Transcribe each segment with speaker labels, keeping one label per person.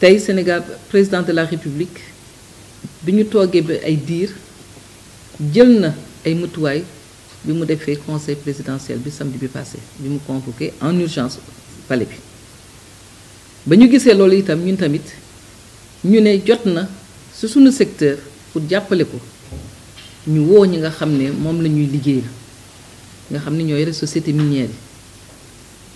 Speaker 1: tay Sénégal président de la République bi ñu toogee ay diir jël ay mutuwaay bi mu conseil présidentiel bi samedi bi passé bi mu en urgence palais bi ba loolu itam ñun tamit ne secteur pour ko ñu ne nga société minière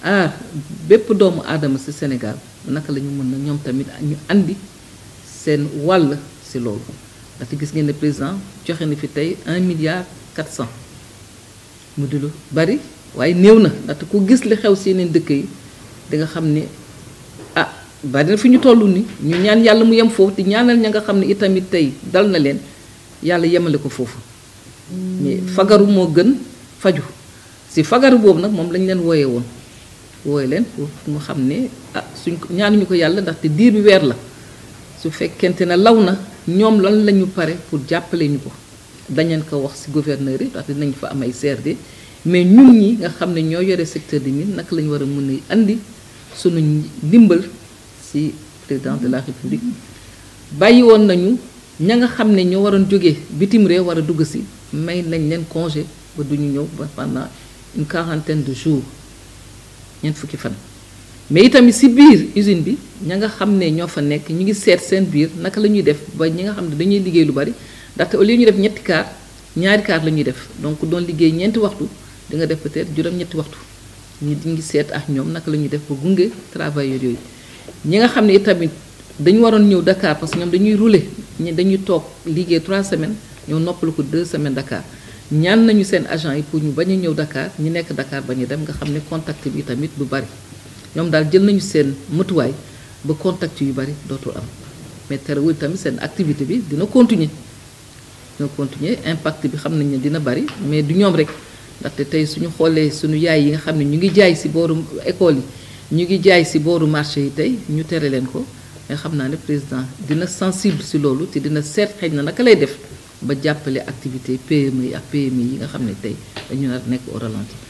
Speaker 1: aar ah, bépp doomu aadama ci Sénégal naka lañu mën na ñoom tamit ñu andi seen wàll ci loolu ndaxte gis ngeen ne président joxe na fi tey un milliard quatre cent mu di lu bari waaye néew na ndaxte ku gis li xew ci yeneen dëkk yi di nga xam ne ah bari na fi ñu toll ni ñu ñaan yàlla mu yem foofu te ñaanal ña nga xam ne itamit tey dal na leen yàlla yemale ko foofu fagaru moo gën faju si fagaru boobu nag moom lañ leen wooyee woon wooy leen pour mu xam ne ah suñ ko ñaanuñu ko yàlla ndax te diir bi weer la su fekkente ne law na ñoom lan lañu ñu pare pour jàppale ñu ko dañeen ko wax ci gouverneur yi nañ dinañ fa am ay CRD mais ñun ñi nga xam ne ñoo yore secteur di mines naka la ñu war a mën a andi sunu ndimbal ci président de la république bàyyi woon nañu ña nga xam ne ñoo waroon jóge bitim réew war a dugg si may nañ leen congé ba duñu ñëw ba pendant une quarantaine de jours ñeent fukki fan mais itamit si biir usine bi ña nga xam ne ñoo fa nekk ñu ngi seet seen biir naka la ñuy def ba ñi nga xam ne dañuy liggéey lu bari ndaxte au lieu ñu def ñetti kaar ñaari kaar la ñuy def donc doon liggéey ñeenti waxtu di nga def peut-être juróom-ñetti waxtu di ngi seet ak ñoom naka la ñuy def ba gunge travailleurs yooyu ñi nga xam ne itamit dañu waroon ñëw dakaar parce que ñoom dañuy rouler ñi dañuy toog liggéey trois semaines ñoo noppalu ko 2 semaines Dakar ñaan nañu seen agent yi pour ñu bañ a ñëw Dakar ñu nekk Dakar ba ñu dem nga xam ne contact bi tamit du bari ñoom daal jël nañu seen mëtuwaay ba contact yu bari dootul am mais terewul tamit seen activité bi dina continuer dina continuer impact bi xam nañ ne dina bari mais du ñoom rek ndaxte tey suñu xoolee suñu yaay yi nga xam ne ñu ngi jaay ci booru école yi ñu ngi jaay ci booru marché yi tey ñu tere leen ko mais xam naa ne président dina sensible ci loolu te dina seet xëy na naka lay def ba jàppale activité PME yi ak yi nga xam ne tey dañu nar nekk au